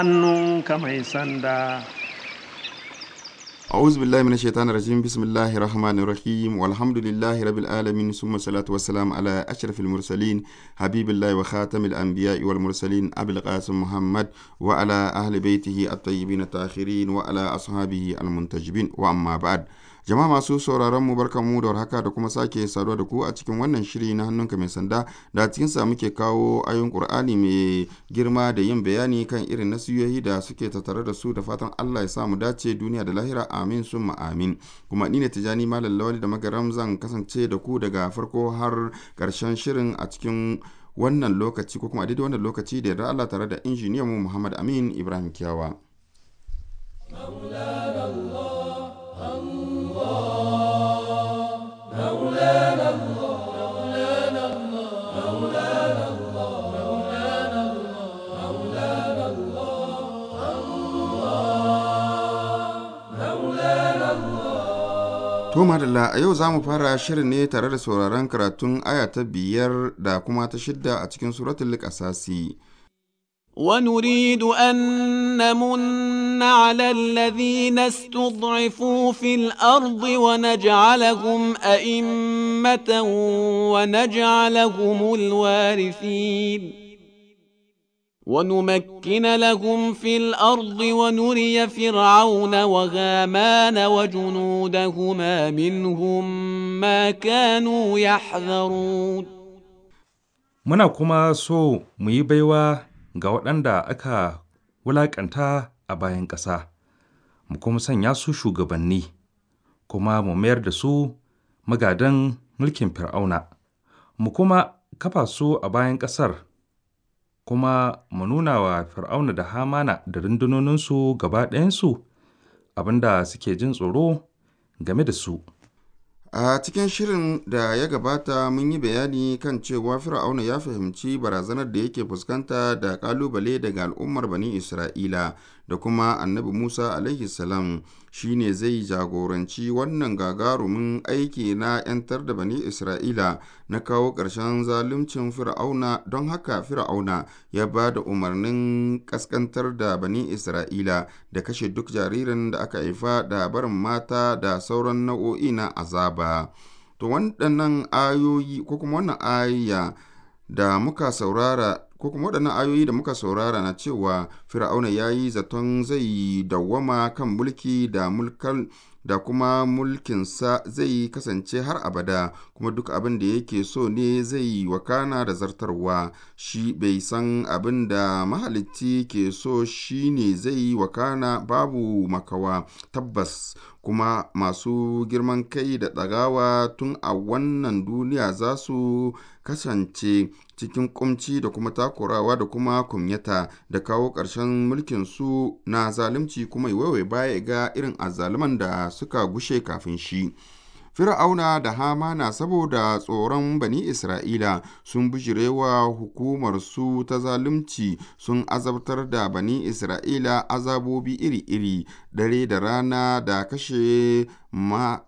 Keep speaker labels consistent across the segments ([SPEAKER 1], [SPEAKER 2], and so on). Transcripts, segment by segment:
[SPEAKER 1] hannunka mai sanda
[SPEAKER 2] أعوذ بالله من الشيطان الرجيم بسم الله الرحمن الرحيم والحمد لله رب العالمين ثم الصلاة والسلام على أشرف المرسلين حبيب الله وخاتم الأنبياء والمرسلين أبي القاسم محمد وعلى أهل بيته الطيبين الطاهرين وعلى أصحابه المنتجبين وأما بعد Jama'a masu sauraron mu barkan mu da warhaka da kuma sake saduwa da ku a cikin wannan shiri na hannunka mai sanda da cikin sa muke kawo ayoyin Qur'ani mai girma da yin bayani kan irin nasiyoyi da suke tattare da su da fatan Allah ya sa mu dace duniya da lahira amin summa amin. Kuma ni ne Tijani Malam Lawali da Magaram zan kasance da ku daga farko har karshen shirin a cikin wannan lokaci ko kuma a daidai wannan lokaci da yarda Allah tare da injiniyan mu Muhammad Amin Ibrahim Kiyawa. To madalla a yau za mu fara shirin ne tare da sauraron karatun aya ta biyar da kuma ta shidda a cikin suratul Likasasi. ونريد أن
[SPEAKER 3] نمن على الذين استضعفوا في الأرض ونجعلهم أئمة ونجعلهم الوارثين ونمكن لهم في الارض ونري فرعون وغامان وجنودهما منهم ما كانوا يحذرون
[SPEAKER 1] muna kuma so mu yi baiwa ga waɗanda aka wulaƙanta a bayan ƙasa mu kuma sanya su shugabanni kuma mu mayar da su magadan mulkin fir'auna mu kuma kafa su a bayan ƙasar kuma mu nuna wa Fir'auna da Hamana da rundunoninsu gaba ɗayansu abin da suke jin tsoro game da su.
[SPEAKER 2] A cikin shirin da ya gabata mun yi bayani kan cewa Fir'auna ya fahimci barazanar da yake fuskanta da ƙalubale daga al'ummar Bani Isra'ila da kuma annabi Musa alaihi salam shi ne zai jagoranci wannan gagarumin aiki na 'yantar da bani Isra'ila na kawo ƙarshen zaluncin Fir'auna don haka Fir'auna ya ba da umarnin ƙasƙantar da bani Isra'ila da kashe duk jaririn da aka haifa da barin mata da sauran nau'o'i na azaba. To wannan ayoyi ko kuma wannan da muka saurara ko kuma waɗannan ayoyi da muka saurara na cewa fir'auna ya yi zaton zai yi dawwama kan mulki da mulkan da kuma mulkinsa zai kasance har abada kuma duk abin da yake so ne zai yi wakana da zartarwa shi bai san abin da mahalicci ke so shi ne zai yi wakana babu makawa tabbas kuma masu girman kai da ɗagawa tun a wannan duniya za su kasance cikin ƙumci da kuma takurawa da kuma kumyata da kawo ƙarshen su na zalunci kuma waiwai baya ga irin azzaluman da suka gushe kafin shi. Fir'auna da Hamana saboda tsoron bani Isra'ila sun bijirewa su ta zalunci sun azabtar da bani Isra'ila azabobi iri-iri dare da rana da kashe ma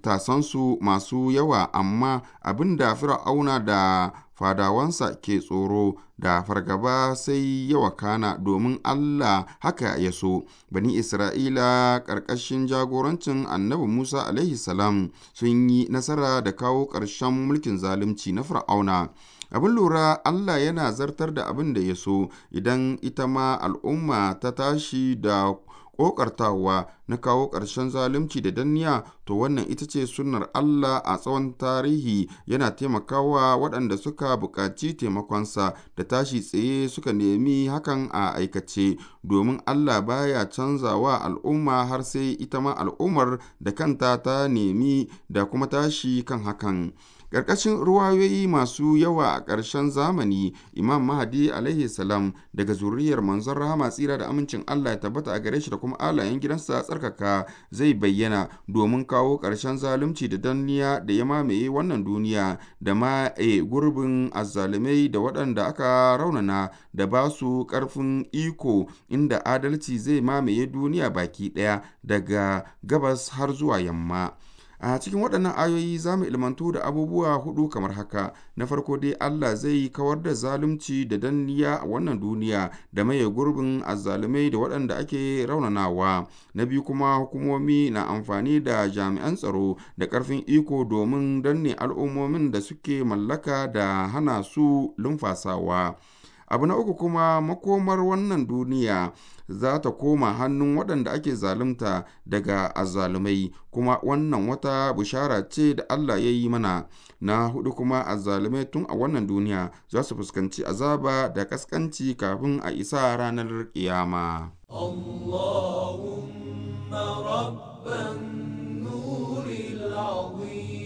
[SPEAKER 2] tasansu masu yawa amma abin da fir'auna da fadawansa ke tsoro da fargaba sai ya wakana domin Allah haka ya so. Bani Isra'ila ƙarƙashin jagorancin annabi Musa alaihi salam sun yi nasara da kawo ƙarshen mulkin zalunci na Fir'auna. abin lura Allah yana zartar da abin da ya so idan ita ma al'umma ta tashi da ƙoƙartawa na kawo ƙarshen zalunci da danniya to wannan ita ce sunnar Allah a tsawon tarihi yana taimakawa waɗanda suka buƙaci taimakonsa da tashi tsaye suka nemi hakan a aikace domin Allah baya canzawa al'umma har sai ita ma al'ummar da kanta ta nemi da kuma tashi kan hakan. Ƙarƙashin ruwayoyi masu yawa a ƙarshen zamani, Imam Mahdi alaihi salam daga zuriyar manzon rahama tsira da amincin Allah ya tabbata a gare shi da kuma alayen gidansa tsarkaka zai bayyana domin kawo ƙarshen zalunci da danniya da ya mamaye wannan duniya da ma e gurbin azzalumai da waɗanda aka raunana da ba su ƙarfin iko inda adalci zai mamaye duniya baki ɗaya daga gabas har zuwa yamma. a cikin waɗannan ayoyi za mu ilmantu da abubuwa hudu kamar haka na farko dai allah zai kawar da zalunci da danniya a wannan duniya da maye gurbin azzalumai da waɗanda ake raunanawa na biyu kuma hukumomi na amfani da jami'an tsaro da ƙarfin iko domin danne al'ummomin da suke mallaka da hana su lumfasawa abu na uku kuma makomar wannan duniya za ta koma hannun waɗanda ake zalunta daga azzalumai kuma wannan wata bushara ce da Allah ya yi mana na hudu kuma azzalumai tun a wannan duniya za su fuskanci azaba da kaskanci kafin a isa ranar kiyama
[SPEAKER 3] Allahumma rabban nuril azim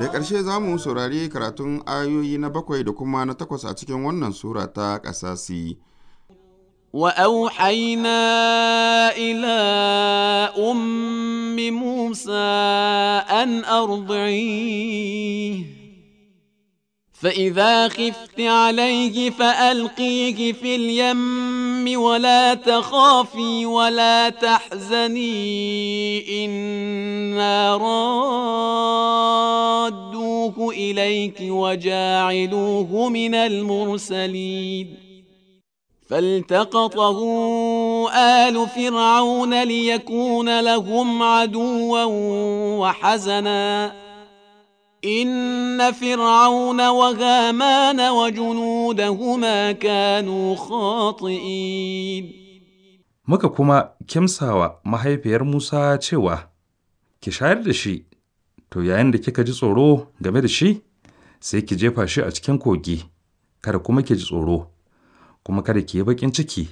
[SPEAKER 2] da ƙarshe za mu saurari karatun ayoyi na bakwai da kuma na takwas a cikin wannan sura ta ƙasasi. وأوحينا
[SPEAKER 3] إلى أم موسى أن أرضعيه فإذا خفت عليه فألقيه في اليم ولا تخافي ولا تحزني إنا رادوه إليك وجاعلوه من المرسلين فالتقطه آل فرعون ليكون لهم عدوا وحزناً إن فرعون وهامان وجنودهما كانوا خاطئين
[SPEAKER 1] muka kuma kimsawa mahaifiyar Musa cewa, Ki shayar da shi, to yayin da kika ji tsoro game da shi, sai ki jefa shi a cikin kogi, kada kuma ki ji tsoro, kuma kada ki yi baƙin ciki,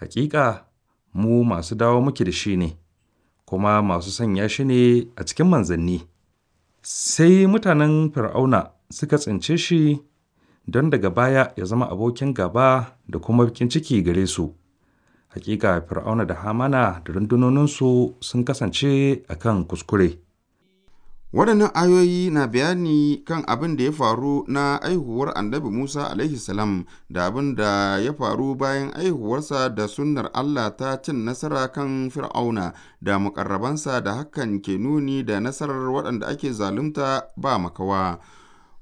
[SPEAKER 1] hakika mu masu dawo muke da shi ne, kuma masu sanya shi ne a cikin manzanni. Sai mutanen Fir'auna suka tsince shi don daga baya ya zama abokin gaba da kuma bikin ciki gare su. Haƙiƙa Fir'auna da Hamana da rundunoninsu sun kasance a kan kuskure.
[SPEAKER 2] Waɗannan ayoyi na bayani kan abin da ya faru na aihuwar annabi Musa a.s. da abin da ya faru bayan aihuwarsa da sunnar Allah ta cin nasara kan Fir'auna da muƙarrabansa da hakan ke nuni da nasarar waɗanda ake zalunta ba makawa.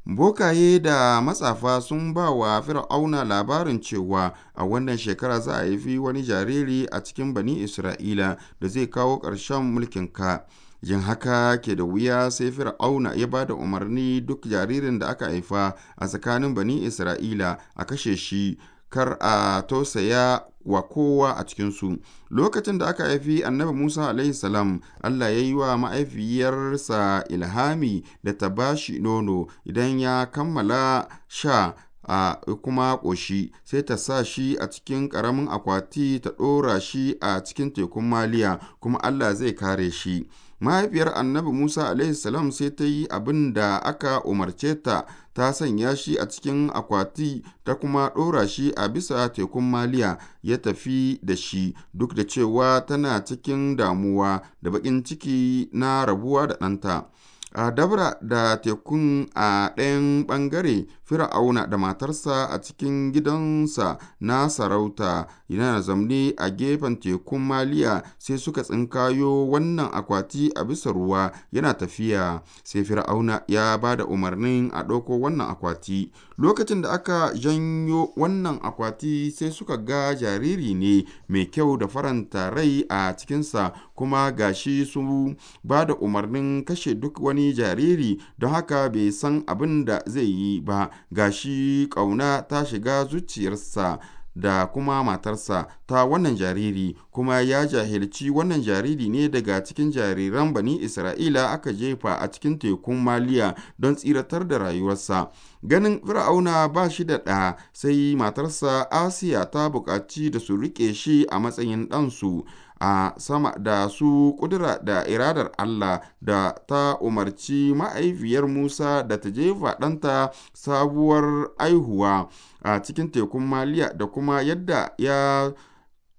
[SPEAKER 2] Bokaye da matsafa sun ba wa Fir'auna labarin cewa a wannan shekara za a haifi wani jariri a cikin Bani Isra'ila da zai kawo ƙarshen mulkinka. yin haka ke da wuya sai fir'auna ya ba da umarni duk jaririn da aka haifa a tsakanin bani isra'ila a kashe shi kar a tausaya wa kowa a cikinsu lokacin da aka haifi annabi musa alaihi salam allah ya yi wa ma'aifiyarsa ilhami da ta ba shi nono idan ya kammala sha a kuma ƙoshi sai ta sa shi a cikin ƙaramin akwati ta ɗora shi a cikin tekun maliya kuma allah zai kare shi mahaifiyar annabi Musa salam sai ta yi abin da aka umarce ta ta sanya shi a cikin akwati ta kuma ɗora shi a bisa tekun maliya ya tafi da shi duk da cewa tana cikin damuwa da baƙin ciki na rabuwa da ɗanta. a dabra da tekun a ɗayan ɓangare Fir'auna da matarsa a cikin gidansa na sarauta yana zamne a gefen tekun Maliya sai suka tsinkayo wannan akwati a bisa ruwa yana tafiya sai Fir'auna ya ba da umarnin a ɗauko wannan akwati lokacin da aka janyo wannan akwati sai suka ga jariri ne mai kyau da faranta rai a cikinsa kuma gashi su ba da umarnin kashe duk wani jariri don haka bai san abin da zai yi ba gashi shi ƙauna ta shiga zuciyarsa da kuma matarsa ta wannan jariri kuma ya jahilci wannan jariri ne daga cikin jariran bani isra'ila aka jefa a cikin tekun maliya don tsiratar da rayuwarsa ganin fir'auna ba shi da ɗa sai matarsa asiya ta buƙaci da su riƙe shi a matsayin ɗansu a sama da su ƙudura da iradar Allah da ta umarci ma'aifiyar Musa da ta jefa ɗanta sabuwar aihuwa a cikin tekun maliya da kuma yadda ya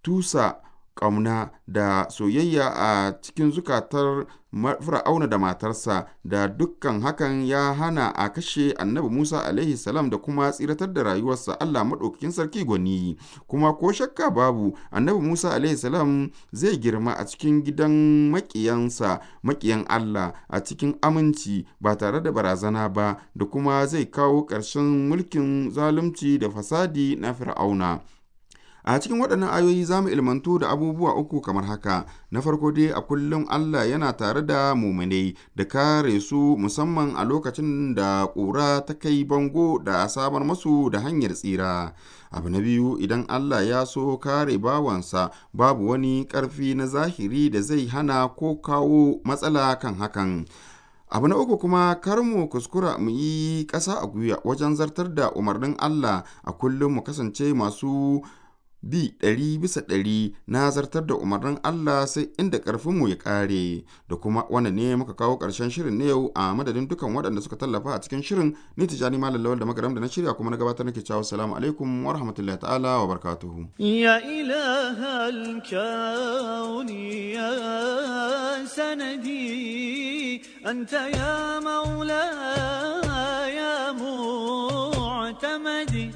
[SPEAKER 2] tusa ƙauna da soyayya a cikin zukatar Fir'auna da matarsa da dukkan hakan ya hana a kashe annabi Musa alaihi salam da kuma tsiratar da rayuwarsa Allah maɗaukakin sarki gwani kuma ko shakka babu annabi Musa alaihi salam zai girma a cikin gidan maƙiyansa maƙiyan Allah a cikin aminci ba tare da barazana ba da kuma zai kawo ƙarshen mulkin zalunci da fasadi na Fir'auna. a cikin waɗannan ayoyi za mu ilmantu da abubuwa uku kamar haka na farko dai a kullum Allah yana tare da muminai da kare su musamman a lokacin da ƙura ta kai bango da samar masu da hanyar tsira abu na biyu idan Allah ya so kare bawansa babu wani ƙarfi na zahiri da zai hana ko kawo matsala kan hakan abu na uku kuma kar mu kuskura mu yi ƙasa a guya wajen zartar da umarnin Allah a kullum mu kasance masu bi ɗari bisa ɗari na zartar da umarnin Allah sai inda ƙarfinmu ya ƙare da kuma wannan ne muka kawo ƙarshen shirin na yau a madadin dukan waɗanda suka tallafa a cikin shirin ni tijani malam lawal da magaram da na shirya kuma na gabatar nake cewa assalamu alaikum wa rahmatullahi ta'ala wa barakatuhu
[SPEAKER 3] ya ilahal kauni ya sanadi anta ya maula ya mu'tamadi